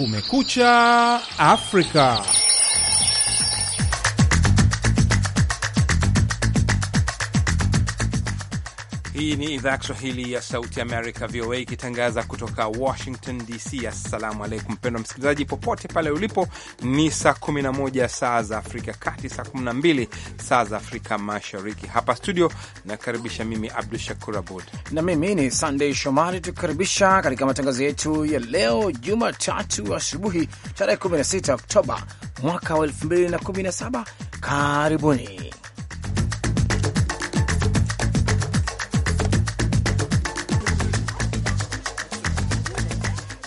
Kumekucha Afrika. Hii ni idhaa ya Kiswahili ya Sauti Amerika, VOA, ikitangaza kutoka Washington DC. Assalamu alaikum mpendwa msikilizaji, popote pale ulipo. Ni saa 11 saa za Afrika Kati, saa 12 saa za Afrika Mashariki. Hapa studio nakaribisha mimi Abdu Shakur Abud na mimi ni Sandey Shomari, tukikaribisha katika matangazo yetu ya leo Jumatatu asubuhi tarehe 16 Oktoba mwaka wa 2017. Karibuni.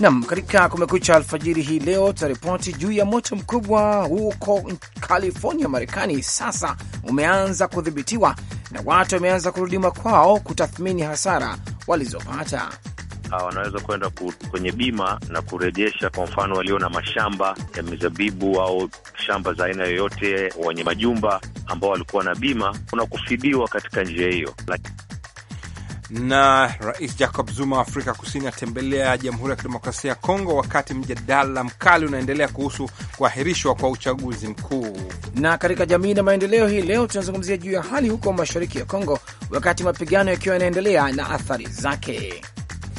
Nam, katika Kumekucha alfajiri hii leo tutaripoti juu ya moto mkubwa huko California, Marekani. Sasa umeanza kudhibitiwa na watu wameanza kurudi makwao kutathmini hasara walizopata. Ah, wanaweza kwenda kwenye bima na kurejesha, kwa mfano walio na mashamba ya mizabibu au shamba za aina yoyote, wenye majumba ambao walikuwa na bima, kuna kufidiwa katika njia hiyo na Rais Jacob Zuma wa Afrika Kusini atembelea Jamhuri ya Kidemokrasia ya Kongo, wakati mjadala mkali unaendelea kuhusu kuahirishwa kwa uchaguzi mkuu. Na katika jamii na maendeleo, hii leo tunazungumzia juu ya hali huko mashariki ya Kongo, wakati mapigano yakiwa yanaendelea na athari zake.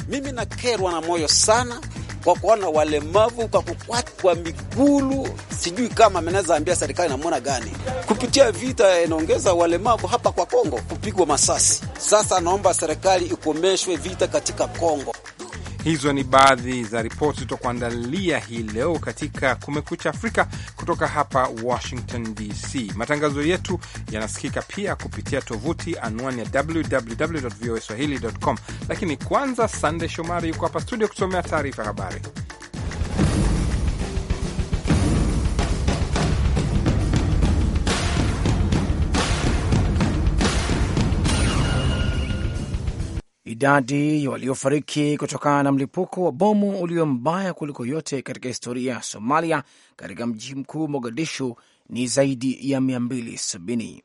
Mimi nakerwa na moyo sana kwa kuona walemavu kwa kukwatwa migulu. Sijui kama ameneza ambia serikali namwona gani kupitia vita inaongeza walemavu hapa kwa Kongo kupigwa masasi. Sasa naomba serikali ikomeshwe vita katika Kongo. Hizo ni baadhi za ripoti tutakuandalia hii leo katika Kumekucha Afrika kutoka hapa Washington DC. Matangazo yetu yanasikika pia kupitia tovuti anwani ya www voa swahili.com, lakini kwanza, sandey Shomari yuko hapa studio kusomea taarifa habari. Idadi ya waliofariki kutokana na mlipuko wa bomu ulio mbaya kuliko yote katika historia ya Somalia katika mji mkuu Mogadishu ni zaidi ya 270.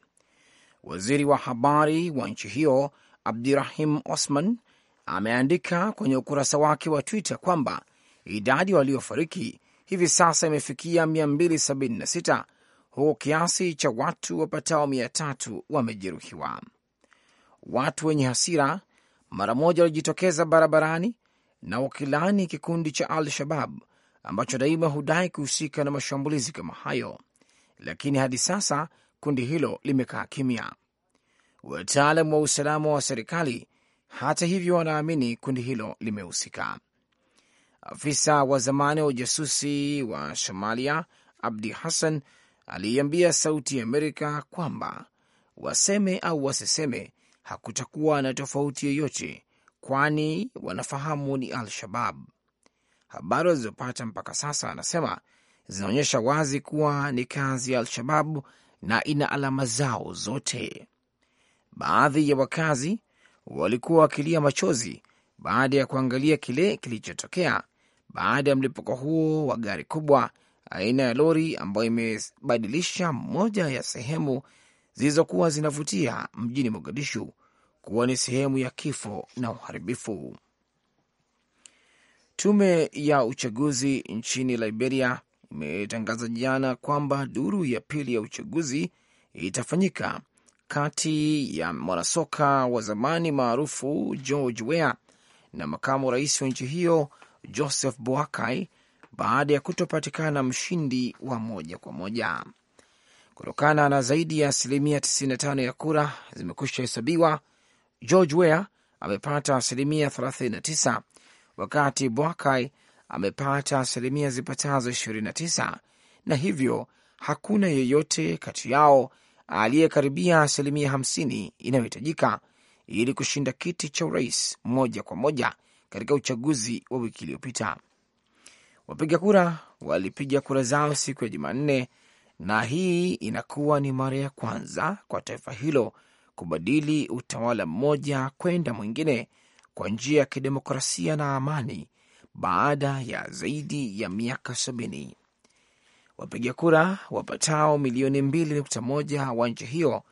Waziri wa habari wa nchi hiyo Abdirahim Osman ameandika kwenye ukurasa wake wa Twitter kwamba idadi waliofariki hivi sasa imefikia 276 huku kiasi cha watu wapatao 3 wamejeruhiwa. Watu wenye hasira mara moja walijitokeza barabarani na wakilaani kikundi cha Al-Shabab ambacho daima hudai kuhusika na mashambulizi kama hayo, lakini hadi sasa kundi hilo limekaa kimya. Wataalam wa usalama wa serikali, hata hivyo, wanaamini kundi hilo limehusika. Afisa wa zamani wa ujasusi wa Somalia Abdi Hassan aliiambia Sauti ya Amerika kwamba waseme au wasiseme, hakutakuwa na tofauti yoyote, kwani wanafahamu ni Al-Shabab. Habari walizopata mpaka sasa, anasema zinaonyesha wazi kuwa ni kazi ya Al-Shababu na ina alama zao zote. Baadhi ya wakazi walikuwa wakilia machozi baada ya kuangalia kile kilichotokea baada ya mlipuko huo wa gari kubwa aina ya lori ambayo imebadilisha moja ya sehemu zilizokuwa zinavutia mjini Mogadishu kuwa ni sehemu ya kifo na uharibifu. Tume ya uchaguzi nchini Liberia imetangaza jana kwamba duru ya pili ya uchaguzi itafanyika kati ya mwanasoka wa zamani maarufu George Weah na makamu rais wa nchi hiyo Joseph Boakai baada ya kutopatikana mshindi wa moja kwa moja kutokana na zaidi ya asilimia 95 ya kura zimekwisha hesabiwa. George Weah amepata asilimia 39 wakati Bwakai amepata asilimia zipatazo 29 na hivyo hakuna yeyote kati yao aliyekaribia asilimia 50 inayohitajika ili kushinda kiti cha urais moja kwa moja katika uchaguzi wa wiki iliyopita. Wapiga kura walipiga kura zao siku ya Jumanne na hii inakuwa ni mara ya kwanza kwa taifa hilo kubadili utawala mmoja kwenda mwingine kwa njia ya kidemokrasia na amani baada ya zaidi ya miaka sabini. Wapiga kura wapatao milioni mbili nukta moja wa nchi hiyo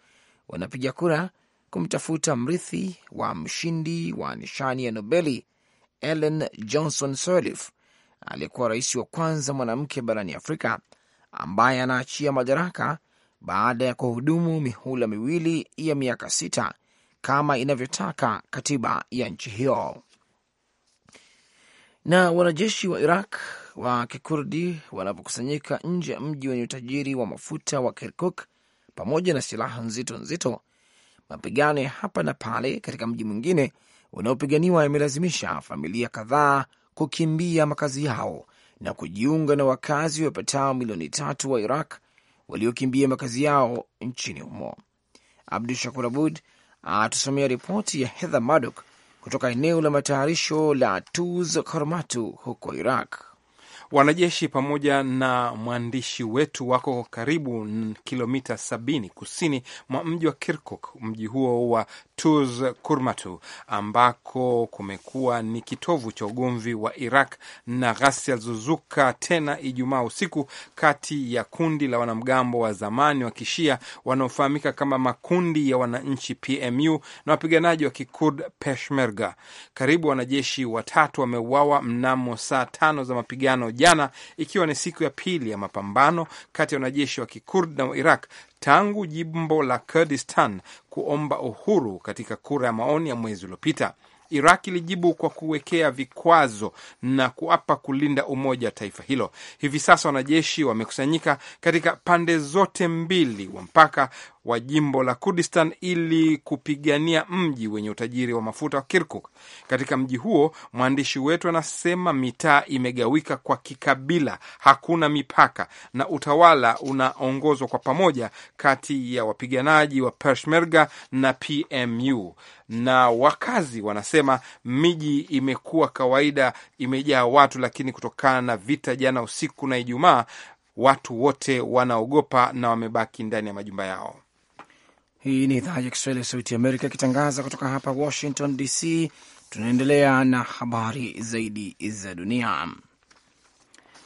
wanapiga kura kumtafuta mrithi wa mshindi wa nishani ya Nobeli Ellen Johnson Sirleaf aliyekuwa rais wa kwanza mwanamke barani Afrika ambaye anaachia madaraka baada ya kuhudumu mihula miwili ya miaka sita kama inavyotaka katiba ya nchi hiyo. Na wanajeshi wa Iraq wa kikurdi wanapokusanyika nje ya mji wenye utajiri wa mafuta wa Kirkuk pamoja na silaha nzito nzito, mapigano ya hapa na pale katika mji mwingine unaopiganiwa yamelazimisha familia kadhaa kukimbia makazi yao na kujiunga na wakazi wapatao milioni tatu wa Iraq waliokimbia makazi yao nchini humo. Abdu Shakur Abud atusomea ripoti ya Hedha Madok kutoka eneo la matayarisho la Tuz Kormatu huko Iraq. Wanajeshi pamoja na mwandishi wetu wako karibu kilomita sabini kusini mwa mji wa Kirkuk, mji huo wa Tuz Kurmatu ambako kumekuwa ni kitovu cha ugomvi wa Iraq na ghasia zilizozuka tena Ijumaa usiku kati ya kundi la wanamgambo wa zamani wa kishia wanaofahamika kama makundi ya wananchi PMU na wapiganaji wa kikurd Peshmerga. Karibu wanajeshi watatu wameuawa mnamo saa tano za mapigano jana, ikiwa ni siku ya pili ya mapambano kati ya wanajeshi wa Kikurd na wa Iraq tangu jimbo la Kurdistan kuomba uhuru katika kura ya maoni ya mwezi uliopita. Iraq ilijibu kwa kuwekea vikwazo na kuapa kulinda umoja wa taifa hilo. Hivi sasa wanajeshi wamekusanyika katika pande zote mbili wa mpaka wa jimbo la Kurdistan ili kupigania mji wenye utajiri wa mafuta wa Kirkuk. Katika mji huo, mwandishi wetu anasema mitaa imegawika kwa kikabila, hakuna mipaka, na utawala unaongozwa kwa pamoja kati ya wapiganaji wa Peshmerga na PMU na wakazi wanasema miji imekuwa kawaida, imejaa watu, lakini kutokana na vita jana usiku na Ijumaa, watu wote wanaogopa na wamebaki ndani ya majumba yao. Hii ni idhaa ya Kiswahili ya Sauti Amerika ikitangaza kutoka hapa Washington DC. Tunaendelea na habari zaidi za dunia.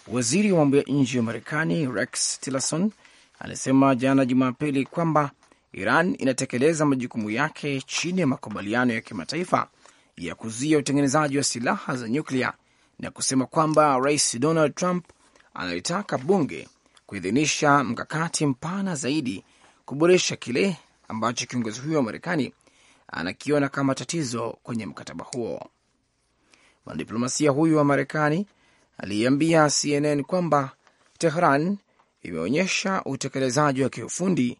Waziri wa mambo ya nje wa Marekani Rex Tillerson alisema jana Jumapili kwamba Iran inatekeleza majukumu yake chini ya makubaliano ya kimataifa ya kuzuia utengenezaji wa silaha za nyuklia na kusema kwamba Rais Donald Trump analitaka bunge kuidhinisha mkakati mpana zaidi kuboresha kile ambacho kiongozi huyo wa Marekani anakiona kama tatizo kwenye mkataba huo. Mwanadiplomasia huyu wa Marekani aliiambia CNN kwamba Tehran imeonyesha utekelezaji wa kiufundi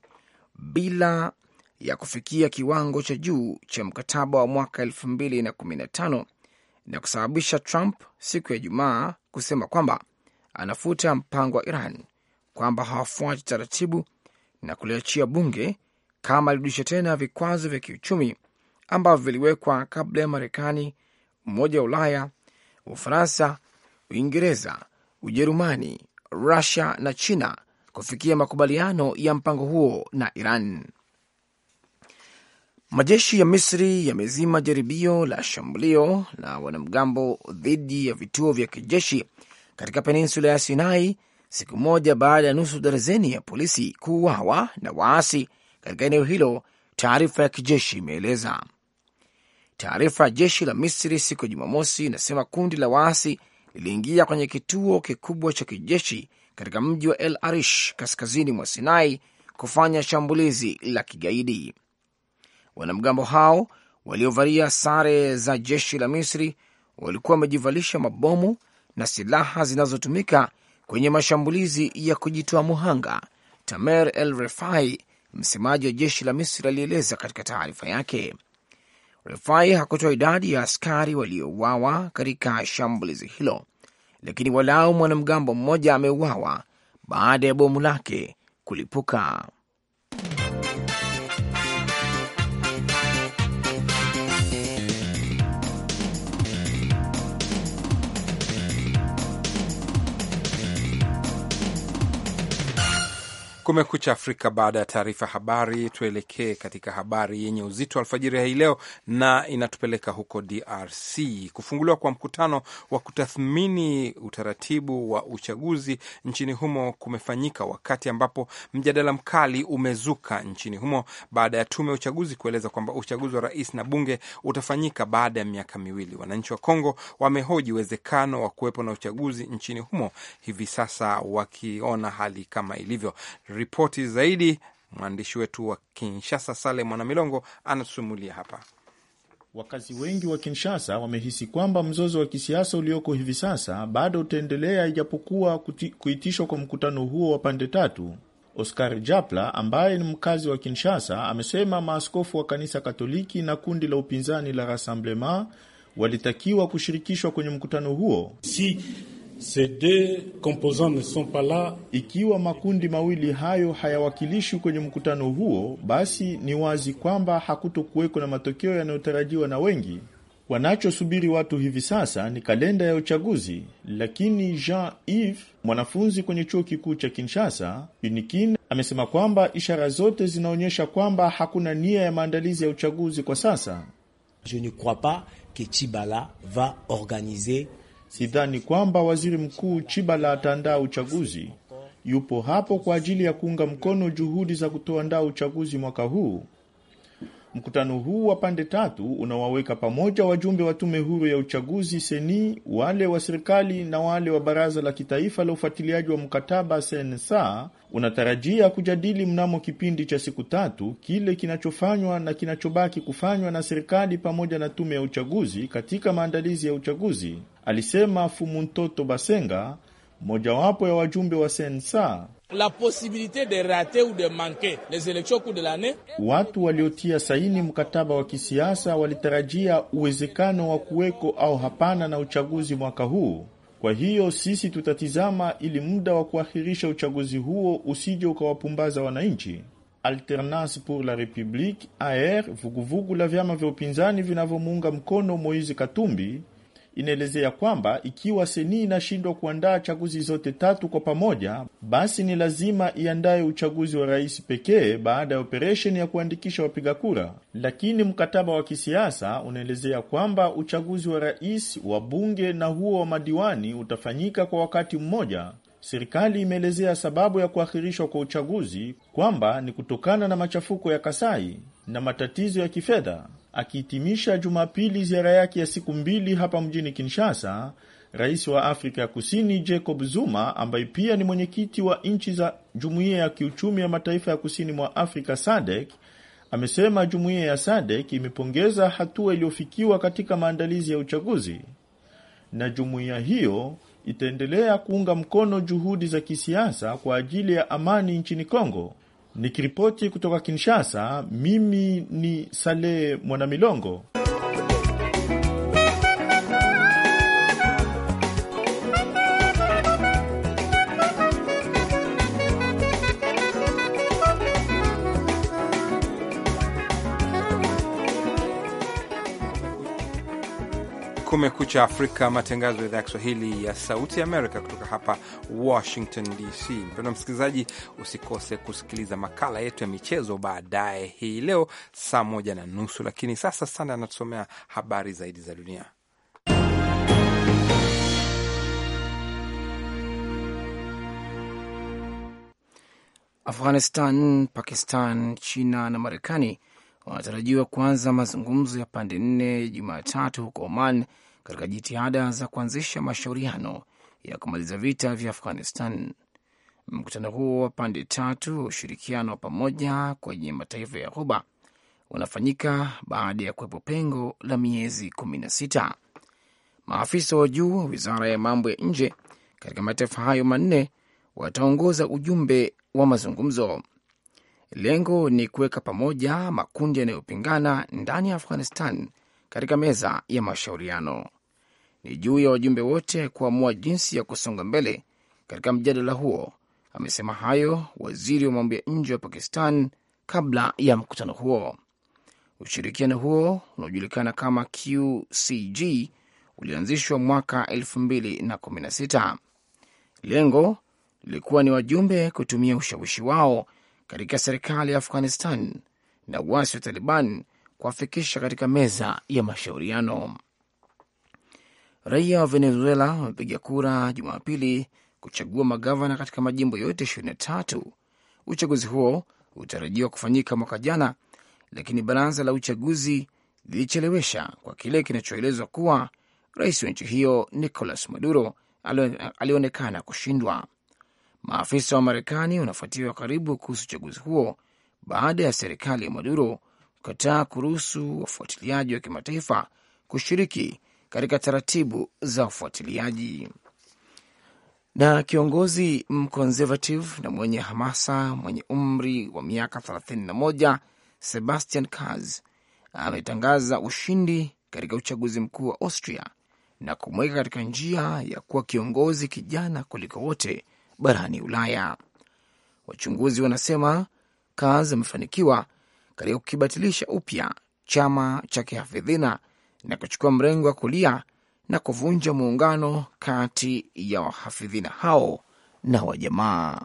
bila ya kufikia kiwango cha juu cha mkataba wa mwaka 2015 na kusababisha Trump siku ya Ijumaa kusema kwamba anafuta mpango wa Iran, kwamba hawafuati taratibu na kuliachia bunge kama alirudisha tena vikwazo vya kiuchumi ambavyo viliwekwa kabla ya Marekani, Umoja wa Ulaya, Ufaransa, Uingereza, Ujerumani, Rusia na China kufikia makubaliano ya mpango huo na Iran. Majeshi ya Misri yamezima jaribio la shambulio la wanamgambo dhidi ya vituo vya kijeshi katika peninsula ya Sinai siku moja baada ya nusu darazeni ya polisi kuuawa na waasi katika eneo hilo, taarifa ya kijeshi imeeleza. Taarifa ya jeshi la Misri siku ya Jumamosi inasema kundi la waasi liliingia kwenye kituo kikubwa cha kijeshi katika mji wa El Arish kaskazini mwa Sinai kufanya shambulizi la kigaidi. Wanamgambo hao waliovalia sare za jeshi la Misri walikuwa wamejivalisha mabomu na silaha zinazotumika kwenye mashambulizi ya kujitoa muhanga. Tamer El Refai msemaji wa jeshi la Misri alieleza katika taarifa yake. Refai hakutoa idadi ya askari waliouawa katika shambulizi hilo, lakini walau mwanamgambo mmoja ameuawa baada ya bomu lake kulipuka. Kumekucha Afrika. Baada ya taarifa habari, tuelekee katika habari yenye uzito alfajiri hii leo, na inatupeleka huko DRC. Kufunguliwa kwa mkutano wa kutathmini utaratibu wa uchaguzi nchini humo kumefanyika wakati ambapo mjadala mkali umezuka nchini humo baada ya tume ya uchaguzi kueleza kwamba uchaguzi wa rais na bunge utafanyika baada ya miaka miwili. Wananchi wa Kongo wamehoji uwezekano wa kuwepo na uchaguzi nchini humo hivi sasa, wakiona hali kama ilivyo ripoti zaidi mwandishi wetu wa Kinshasa, Sale Mwanamilongo, anatusimulia hapa. Wakazi wengi wa Kinshasa wamehisi kwamba mzozo wa kisiasa ulioko hivi sasa bado utaendelea ijapokuwa kuitishwa kwa mkutano huo wa pande tatu. Oscar Japla ambaye ni mkazi wa Kinshasa amesema maaskofu wa kanisa Katoliki na kundi la upinzani la Rassemblement walitakiwa kushirikishwa kwenye mkutano huo. Si ikiwa makundi mawili hayo hayawakilishwi kwenye mkutano huo, basi ni wazi kwamba hakutokuweko na matokeo yanayotarajiwa na wengi. Wanachosubiri watu hivi sasa ni kalenda ya uchaguzi, lakini Jean-Yves, mwanafunzi kwenye chuo kikuu cha Kinshasa UNIKIN, amesema kwamba ishara zote zinaonyesha kwamba hakuna nia ya maandalizi ya uchaguzi kwa sasa. Je ne crois pas que Chibala va organiser Sidhani kwamba waziri mkuu Chibala ataandaa uchaguzi. Yupo hapo kwa ajili ya kuunga mkono juhudi za kutoandaa uchaguzi mwaka huu. Mkutano huu wa pande tatu unawaweka pamoja wajumbe wa tume huru ya uchaguzi seni, wale wa serikali na wale wa baraza la kitaifa la ufuatiliaji wa mkataba sensa, unatarajia kujadili mnamo kipindi cha siku tatu kile kinachofanywa na kinachobaki kufanywa na serikali pamoja na tume ya uchaguzi katika maandalizi ya uchaguzi, alisema Fumuntoto Basenga, mojawapo ya wajumbe wa sensa. La possibilite de rater ou de manquer les elections cours de Watu waliotia saini mkataba wa kisiasa walitarajia uwezekano wa kuweko au hapana na uchaguzi mwaka huu. Kwa hiyo sisi tutatizama ili muda wa kuahirisha uchaguzi huo usije ukawapumbaza wananchi. Alternance pour la Republique AR, vuguvugu la vyama vya upinzani vinavyomuunga mkono Moizi Katumbi, inaelezea kwamba ikiwa Seni inashindwa kuandaa chaguzi zote tatu kwa pamoja, basi ni lazima iandaye uchaguzi wa rais pekee baada ya operesheni ya kuandikisha wapiga kura. Lakini mkataba wa kisiasa unaelezea kwamba uchaguzi wa rais, wa bunge na huo wa madiwani utafanyika kwa wakati mmoja. Serikali imeelezea sababu ya kuahirishwa kwa uchaguzi kwamba ni kutokana na machafuko ya Kasai na matatizo ya kifedha. Akihitimisha Jumapili ziara yake ya siku mbili hapa mjini Kinshasa, rais wa Afrika ya Kusini Jacob Zuma, ambaye pia ni mwenyekiti wa nchi za Jumuiya ya Kiuchumi ya Mataifa ya Kusini mwa Afrika SADC, amesema jumuiya ya SADC imepongeza hatua iliyofikiwa katika maandalizi ya uchaguzi na jumuiya hiyo itaendelea kuunga mkono juhudi za kisiasa kwa ajili ya amani nchini Kongo. Nikiripoti kutoka Kinshasa, mimi ni Saleh Mwanamilongo. Kumekucha Afrika, matangazo ya idhaa ya Kiswahili ya Sauti ya Amerika kutoka hapa Washington DC. Mpendwa msikilizaji, usikose kusikiliza makala yetu ya michezo baadaye hii leo saa moja na nusu, lakini sasa Sanda anatusomea habari zaidi za dunia. Afghanistan, Pakistan, China na Marekani wanatarajiwa kuanza mazungumzo ya pande nne Jumatatu huko Oman katika jitihada za kuanzisha mashauriano ya kumaliza vita vya Afghanistan. Mkutano huo wa pande tatu wa ushirikiano wa pamoja kwenye mataifa ya Ghuba unafanyika baada ya kuwepo pengo la miezi kumi na sita. Maafisa wa juu wa wizara ya mambo ya nje katika mataifa hayo manne wataongoza ujumbe wa mazungumzo. Lengo ni kuweka pamoja makundi yanayopingana ndani ya Afghanistan katika meza ya mashauriano. Ni juu ya wajumbe wote kuamua jinsi ya kusonga mbele katika mjadala huo. Amesema hayo waziri wa mambo ya nje wa Pakistan kabla ya mkutano huo. Ushirikiano huo unaojulikana kama QCG ulianzishwa mwaka 2016. Lengo lilikuwa ni wajumbe kutumia ushawishi wao katika serikali ya Afghanistan na uasi wa Taliban kuwafikisha katika meza ya mashauriano. Raia wa Venezuela wamepiga kura Jumapili kuchagua magavana katika majimbo yote tatu. Uchaguzi huo utarajiwa kufanyika mwaka jana, lakini baraza la uchaguzi lilichelewesha kwa kile kinachoelezwa kuwa rais wa nchi hiyo Nicolas Maduro alionekana kushindwa. Maafisa wa Marekani wanafuatiwa karibu kuhusu uchaguzi huo baada ya serikali ya Maduro kukataa kuruhusu wafuatiliaji wa kimataifa kushiriki katika taratibu za ufuatiliaji. Na kiongozi mconservative na mwenye hamasa mwenye umri wa miaka 31 Sebastian Kurz ametangaza ushindi katika uchaguzi mkuu wa Austria na kumweka katika njia ya kuwa kiongozi kijana kuliko wote barani Ulaya. Wachunguzi wanasema Kaz amefanikiwa katika kukibatilisha upya chama cha kihafidhina na kuchukua mrengo wa kulia na kuvunja muungano kati ya wahafidhina hao na wajamaa.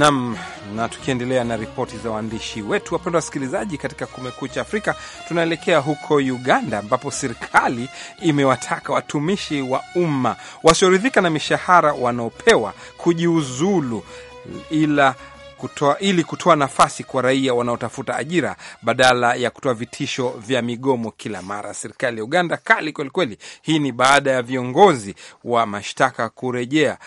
Nam na tukiendelea na ripoti za waandishi wetu, wapendwa wasikilizaji, katika Kumekucha Afrika tunaelekea huko Uganda, ambapo serikali imewataka watumishi wa umma wasioridhika na mishahara wanaopewa kujiuzulu ila kutoa, ili kutoa nafasi kwa raia wanaotafuta ajira badala ya kutoa vitisho vya migomo kila mara. Serikali ya Uganda kali kwelikweli. Hii ni baada ya viongozi wa mashtaka kurejea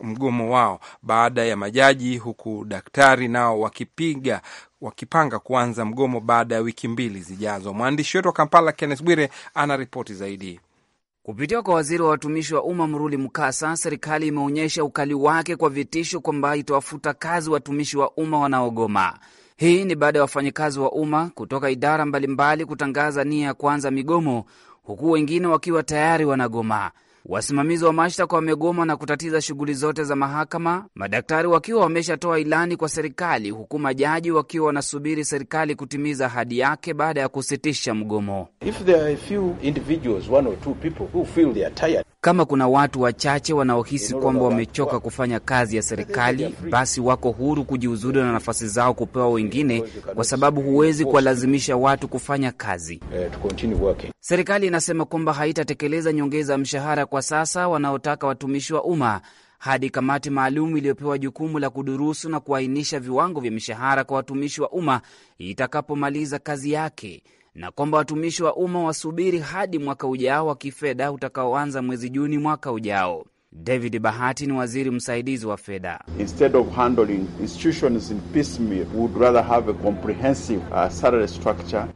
mgomo wao baada ya majaji, huku daktari nao wakipiga wakipanga kuanza mgomo baada ya wiki mbili zijazo. Mwandishi wetu wa Kampala Kenneth Bwire ana ripoti zaidi. Kupitia kwa waziri wa watumishi wa umma mruli mkasa serikali imeonyesha ukali wake kwa vitisho kwamba itawafuta kazi watumishi wa umma wanaogoma. Hii ni baada ya wafanyakazi wa umma kutoka idara mbalimbali kutangaza nia ya kuanza migomo, huku wengine wakiwa tayari wanagoma. Wasimamizi wa mashtaka wamegoma na kutatiza shughuli zote za mahakama, madaktari wakiwa wameshatoa ilani kwa serikali, huku majaji wakiwa wanasubiri serikali kutimiza ahadi yake baada ya kusitisha mgomo. Kama kuna watu wachache wanaohisi kwamba wamechoka kufanya kazi ya serikali, basi wako huru kujiuzuru na nafasi zao kupewa wengine, kwa sababu huwezi kuwalazimisha watu kufanya kazi. Eh, serikali inasema kwamba haitatekeleza nyongeza ya mshahara kwa sasa wanaotaka watumishi wa umma hadi kamati maalum iliyopewa jukumu la kudurusu na kuainisha viwango vya mishahara kwa watumishi wa umma itakapomaliza kazi yake na kwamba watumishi wa umma wasubiri hadi mwaka ujao wa kifedha utakaoanza mwezi Juni mwaka ujao. David Bahati ni waziri msaidizi wa fedha. Uh,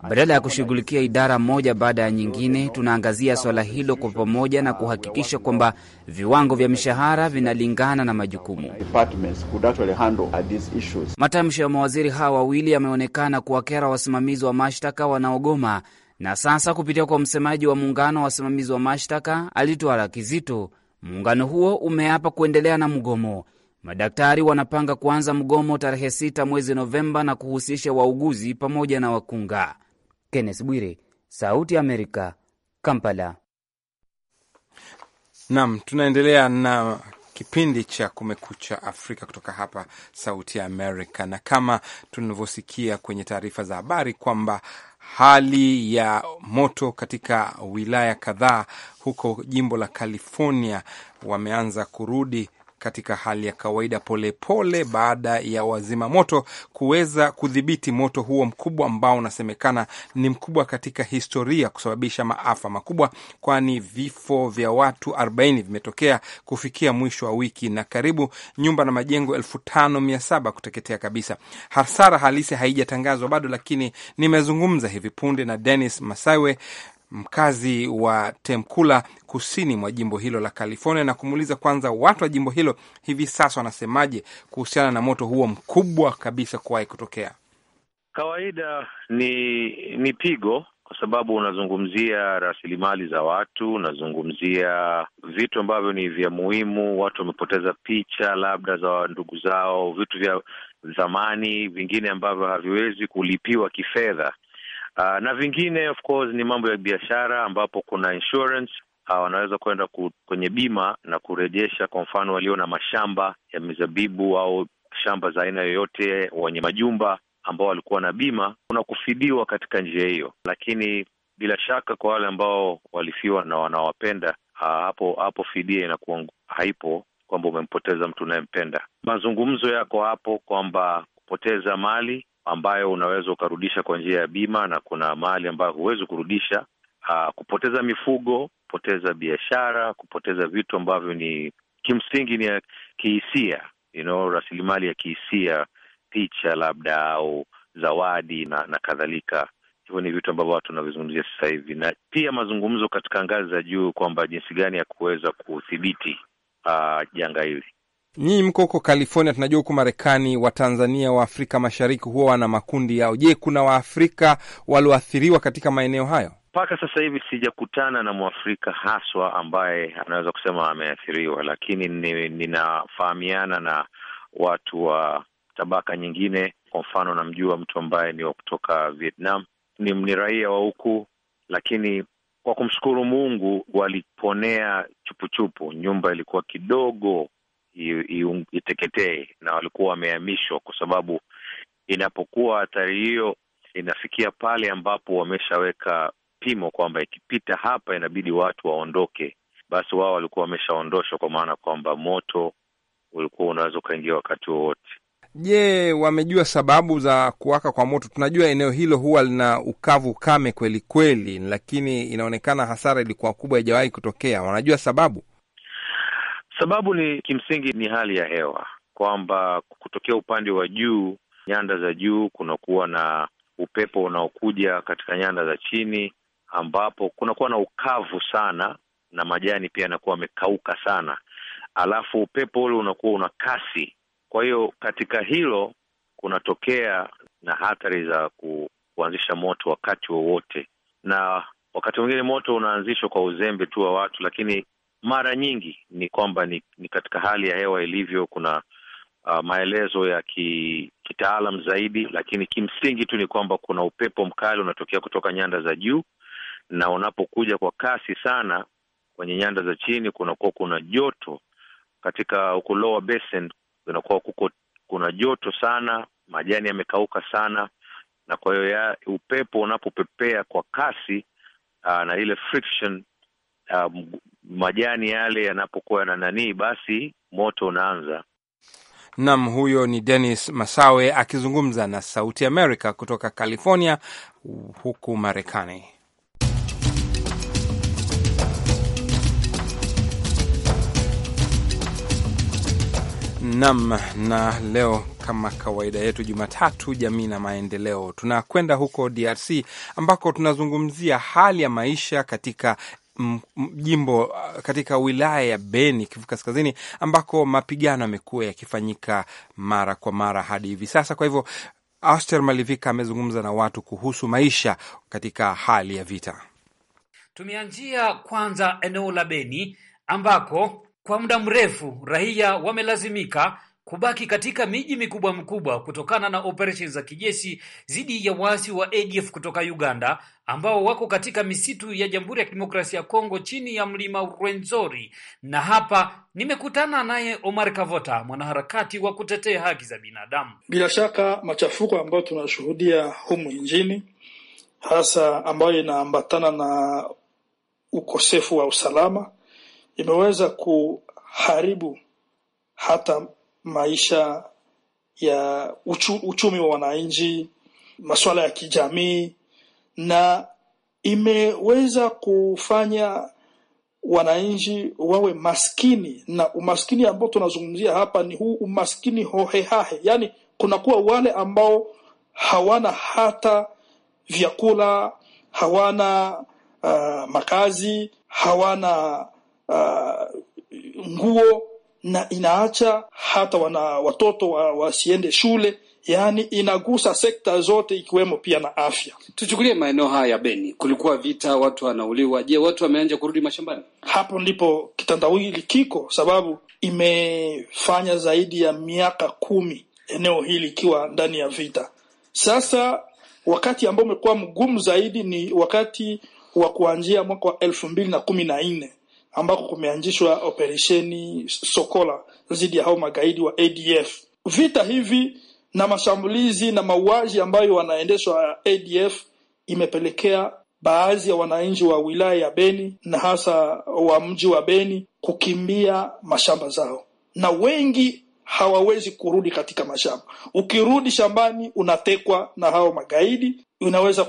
Badala ya kushughulikia idara moja baada ya nyingine, tunaangazia swala hilo kwa pamoja na kuhakikisha kwamba viwango vya mishahara vinalingana na majukumu. Uh, Matamshi ya mawaziri hawa wawili yameonekana kuwakera wasimamizi wa mashtaka wanaogoma, na sasa kupitia kwa msemaji wa muungano wa wasimamizi wa mashtaka, Alitwara Kizito Muungano huo umeapa kuendelea na mgomo. Madaktari wanapanga kuanza mgomo tarehe 6 mwezi Novemba na kuhusisha wauguzi pamoja na wakunga. Kenneth Bwire, Sauti america Amerika, Kampala. Nam, tunaendelea na kipindi cha Kumekucha Afrika kutoka hapa Sauti ya Amerika, na kama tunavyosikia kwenye taarifa za habari kwamba hali ya moto katika wilaya kadhaa huko jimbo la California wameanza kurudi katika hali ya kawaida polepole pole, baada ya wazima moto kuweza kudhibiti moto huo mkubwa ambao unasemekana ni mkubwa katika historia kusababisha maafa makubwa, kwani vifo vya watu 40 vimetokea kufikia mwisho wa wiki na karibu nyumba na majengo 5700 kuteketea kabisa. Hasara halisi haijatangazwa bado, lakini nimezungumza hivi punde na Dennis Masaiwe mkazi wa Temkula kusini mwa jimbo hilo la California na kumuuliza kwanza watu wa jimbo hilo hivi sasa wanasemaje kuhusiana na moto huo mkubwa kabisa kuwahi kutokea. Kawaida ni ni pigo kwa sababu unazungumzia rasilimali za watu, unazungumzia vitu ambavyo ni vya muhimu. Watu wamepoteza picha labda za ndugu zao, vitu vya zamani, vingine ambavyo haviwezi kulipiwa kifedha. Uh, na vingine of course ni mambo ya biashara ambapo kuna insurance uh, wanaweza kwenda kwenye bima na kurejesha, kwa mfano walio na mashamba ya mizabibu au shamba za aina yoyote, wenye majumba ambao walikuwa na bima, kuna kufidiwa katika njia hiyo, lakini bila shaka kwa wale ambao walifiwa na wanawapenda ah, hapo hapo fidia inakuwa haipo, kwamba umempoteza mtu unayempenda. Mazungumzo yako hapo kwamba kupoteza mali ambayo unaweza ukarudisha kwa njia ya bima, na kuna mahali ambayo huwezi kurudisha. Aa, ah, kupoteza mifugo, kupoteza biashara, kupoteza vitu ambavyo ni kimsingi ni ya kihisia, you know, rasilimali ya kihisia, picha labda au zawadi na na kadhalika. Hivyo ni vitu ambavyo watu wanavizungumzia sasa hivi, na pia mazungumzo katika ngazi za juu kwamba jinsi gani ya kuweza kudhibiti ah, janga hili. Nyinyi mko huko California, tunajua huko Marekani Watanzania wa Afrika Mashariki huwa wana makundi yao. Je, kuna Waafrika walioathiriwa katika maeneo hayo? Mpaka sasa hivi sijakutana na Mwafrika haswa ambaye anaweza kusema ameathiriwa, lakini ninafahamiana na watu wa tabaka nyingine. Kwa mfano, namjua mtu ambaye ni wa kutoka Vietnam, ni, ni raia wa huku, lakini kwa kumshukuru Mungu waliponea chupuchupu. Nyumba ilikuwa kidogo iteketee, na walikuwa wamehamishwa, kwa sababu inapokuwa hatari hiyo inafikia pale ambapo wameshaweka pimo kwamba ikipita hapa inabidi watu waondoke, basi wao walikuwa wameshaondoshwa, kwa maana kwamba moto ulikuwa unaweza ukaingia wakati wowote. Je, wamejua sababu za kuwaka kwa moto? Tunajua eneo hilo huwa lina ukavu kame kweli kweli, lakini inaonekana hasara ilikuwa kubwa, haijawahi kutokea. Wanajua sababu Sababu ni kimsingi ni hali ya hewa, kwamba kutokea upande wa juu, nyanda za juu, kunakuwa na upepo unaokuja katika nyanda za chini, ambapo kunakuwa na ukavu sana na majani pia yanakuwa yamekauka sana, alafu upepo ule unakuwa una kasi. Kwa hiyo katika hilo kunatokea na hatari za ku, kuanzisha moto wakati wowote, na wakati mwingine moto unaanzishwa kwa uzembe tu wa watu, lakini mara nyingi ni kwamba ni, ni katika hali ya hewa ilivyo. Kuna uh, maelezo ya ki, kitaalam zaidi, lakini kimsingi tu ni kwamba kuna upepo mkali unatokea kutoka nyanda za juu, na unapokuja kwa kasi sana kwenye nyanda za chini kunakuwa kuna joto katika huko lower basin, kunakuwa kuko kuna joto sana, majani yamekauka sana, na kwa hiyo upepo unapopepea kwa kasi aa, uh, na ile friction Uh, majani yale yanapokuwa yana nanii, basi moto unaanza. Nam, huyo ni Dennis Masawe akizungumza na Sauti Amerika kutoka California huku Marekani. Nam, na leo kama kawaida yetu Jumatatu, jamii na maendeleo, tunakwenda huko DRC ambako tunazungumzia hali ya maisha katika jimbo uh, katika wilaya ya Beni, Kivu Kaskazini, ambako mapigano yamekuwa yakifanyika mara kwa mara hadi hivi sasa. Kwa hivyo, Auster Malivika amezungumza na watu kuhusu maisha katika hali ya vita. Tumeanzia kwanza eneo la Beni ambako kwa muda mrefu raia wamelazimika kubaki katika miji mikubwa mikubwa kutokana na operesheni za kijeshi dhidi ya waasi wa ADF kutoka Uganda ambao wako katika misitu ya Jamhuri ya Kidemokrasia ya Kongo chini ya mlima Rwenzori. Na hapa nimekutana naye Omar Kavota, mwanaharakati wa kutetea haki za binadamu. Bila shaka machafuko ambayo tunashuhudia humu nchini, hasa ambayo inaambatana na ukosefu wa usalama, imeweza kuharibu hata maisha ya uchu, uchumi wa wananchi, masuala ya kijamii, na imeweza kufanya wananchi wawe maskini, na umaskini ambao tunazungumzia hapa ni huu umaskini hohehahe, yaani kunakuwa wale ambao hawana hata vyakula, hawana uh, makazi, hawana uh, nguo na inaacha hata wana watoto wa, wasiende shule. Yaani inagusa sekta zote ikiwemo pia na afya. Tuchukulie maeneo haya ya Beni, kulikuwa vita, watu wanauliwa. Je, watu wameanza kurudi mashambani? Hapo ndipo kitandawili kiko, sababu imefanya zaidi ya miaka kumi eneo hili ikiwa ndani ya vita. Sasa wakati ambao umekuwa mgumu zaidi ni wakati wa kuanzia mwaka wa elfu mbili na kumi na nne ambako kumeanzishwa operesheni Sokola dhidi ya hao magaidi wa ADF. Vita hivi na mashambulizi na mauaji ambayo wanaendeshwa ADF imepelekea baadhi ya wananchi wa wilaya ya Beni na hasa wa mji wa Beni kukimbia mashamba zao, na wengi hawawezi kurudi katika mashamba. Ukirudi shambani, unatekwa na hao magaidi, unaweza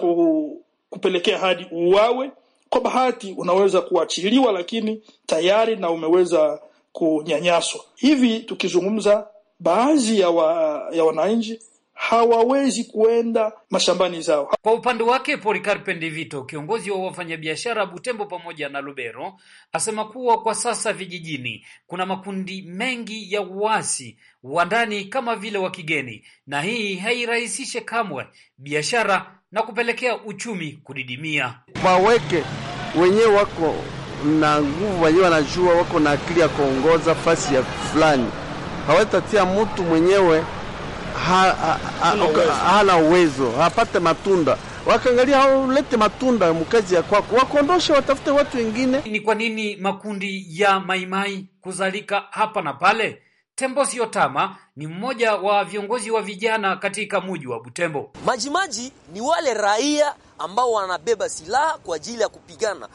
kupelekea hadi uwawe kwa bahati unaweza kuachiliwa, lakini tayari na umeweza kunyanyaswa. Hivi tukizungumza, baadhi ya, wa, ya wananchi hawawezi kuenda mashambani zao. Kwa upande wake, Polikarpe Ndivito, kiongozi wa wafanyabiashara Butembo pamoja na Lubero, asema kuwa kwa sasa vijijini kuna makundi mengi ya uasi wa ndani kama vile wa kigeni, na hii hairahisishe kamwe biashara na kupelekea uchumi kudidimia. Waweke wenyewe wako na nguvu, wenyewe wanajua, wako na akili ya kuongoza fasi ya fulani, hawatatia mtu mwenyewe hana uwezo hapate matunda wakaangalia lete matunda mkazi ya kwako, wakuondoshe, watafute watu wengine. Ni kwa nini makundi ya maimai kuzalika hapa na pale Tembosi Otama ni mmoja wa viongozi wa vijana katika muji wa Butembo. Majimaji ni wale raia ambao wanabeba silaha kwa ajili ya kupigana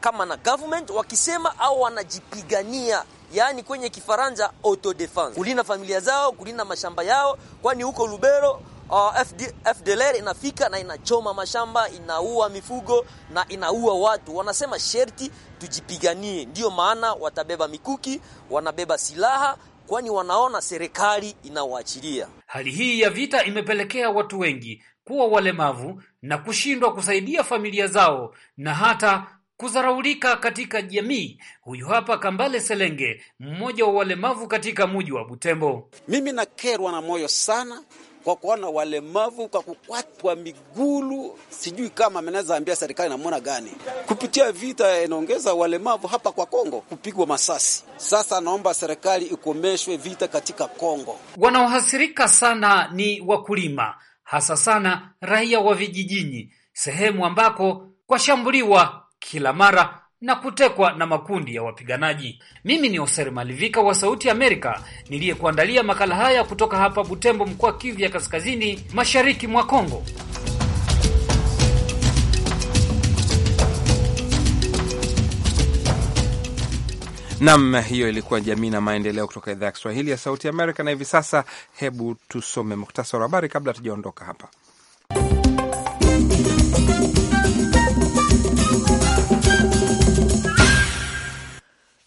kama na government wakisema au wanajipigania, yaani kwenye kifaranja auto defense, kulinda familia zao, kulinda mashamba yao, kwani huko Lubero Uh, FD, FDLR inafika na inachoma mashamba, inaua mifugo na inaua watu. Wanasema sherti tujipiganie, ndiyo maana watabeba mikuki, wanabeba silaha kwani wanaona serikali inawaachilia. Hali hii ya vita imepelekea watu wengi kuwa walemavu na kushindwa kusaidia familia zao na hata kudharaulika katika jamii. Huyu hapa Kambale Selenge, mmoja wa walemavu katika muji wa Butembo. Mimi nakerwa na moyo sana kwa kuona walemavu, kwa kukwatwa migulu. Sijui kama ameneza ambia serikali namna gani kupitia vita inaongeza walemavu hapa kwa Kongo, kupigwa masasi. Sasa naomba serikali ikomeshwe vita katika Kongo. Wanaohasirika sana ni wakulima, hasa sana raia wa vijijini, sehemu ambako kwashambuliwa kila mara na kutekwa na makundi ya wapiganaji. Mimi ni Oser Malivika wa Sauti Amerika niliyekuandalia makala haya kutoka hapa Butembo, mkoa Kivu ya kaskazini mashariki mwa Kongo. Nam, hiyo ilikuwa jamii na maendeleo kutoka idhaa ya Kiswahili ya Sauti Amerika. Na hivi sasa, hebu tusome muktasari wa habari kabla hatujaondoka hapa.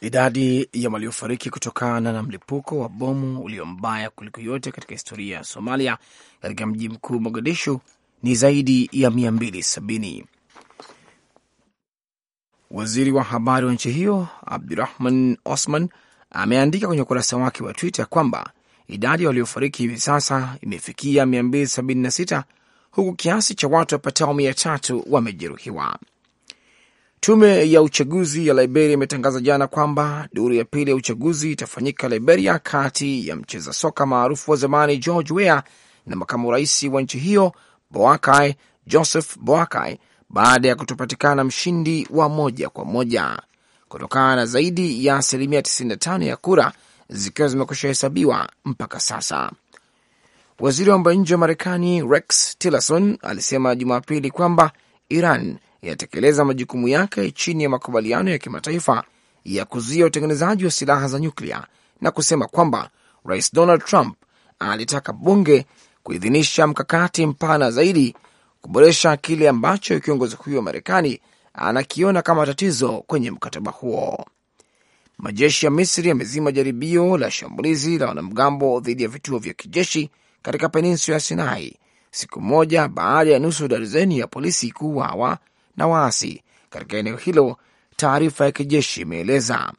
Idadi ya waliofariki kutokana na mlipuko wa bomu ulio mbaya kuliko yote katika historia ya Somalia katika mji mkuu Mogadishu ni zaidi ya 270. Waziri wa habari wa nchi hiyo Abdurahman Osman ameandika kwenye ukurasa wake wa Twitter kwamba idadi ya waliofariki hivi sasa imefikia 276 huku kiasi cha watu wapatao tatu wamejeruhiwa. Tume ya uchaguzi ya Liberia imetangaza jana kwamba duru ya pili ya uchaguzi itafanyika Liberia kati ya mcheza soka maarufu wa zamani George Weah na makamu rais wa nchi hiyo Boakai Joseph Boakai baada ya kutopatikana mshindi wa moja kwa moja kutokana na zaidi ya asilimia 95 ya kura zikiwa zimekwisha hesabiwa mpaka sasa. Waziri wa mambo ya nje wa Marekani Rex Tillerson alisema Jumapili kwamba Iran inatekeleza majukumu yake chini ya makubaliano ya kimataifa ya kuzuia utengenezaji wa silaha za nyuklia na kusema kwamba Rais Donald Trump alitaka bunge kuidhinisha mkakati mpana zaidi kuboresha kile ambacho kiongozi huyo wa Marekani anakiona kama tatizo kwenye mkataba huo. Majeshi ya Misri yamezima jaribio la shambulizi la wanamgambo dhidi ya vituo vya kijeshi katika peninsula ya Sinai siku moja baada ya nusu darzeni ya polisi kuuawa na waasi katika eneo hilo, taarifa ya kijeshi imeeleza.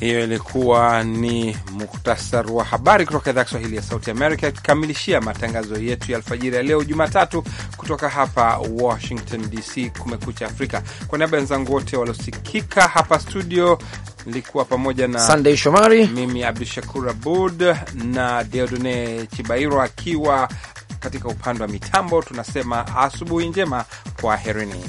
Hiyo ilikuwa ni muktasar wa habari kutoka idhaa ya Kiswahili ya Sauti Amerika, ikikamilishia matangazo yetu ya alfajiri ya leo Jumatatu kutoka hapa Washington DC. Kumekucha Afrika, kwa niaba ya wenzangu wote waliosikika hapa studio, likuwa pamoja na Sandey Shomari, mimi Abdu Shakur Abud na Deodone Chibairo akiwa katika upande wa mitambo tunasema asubuhi njema, kwaherini.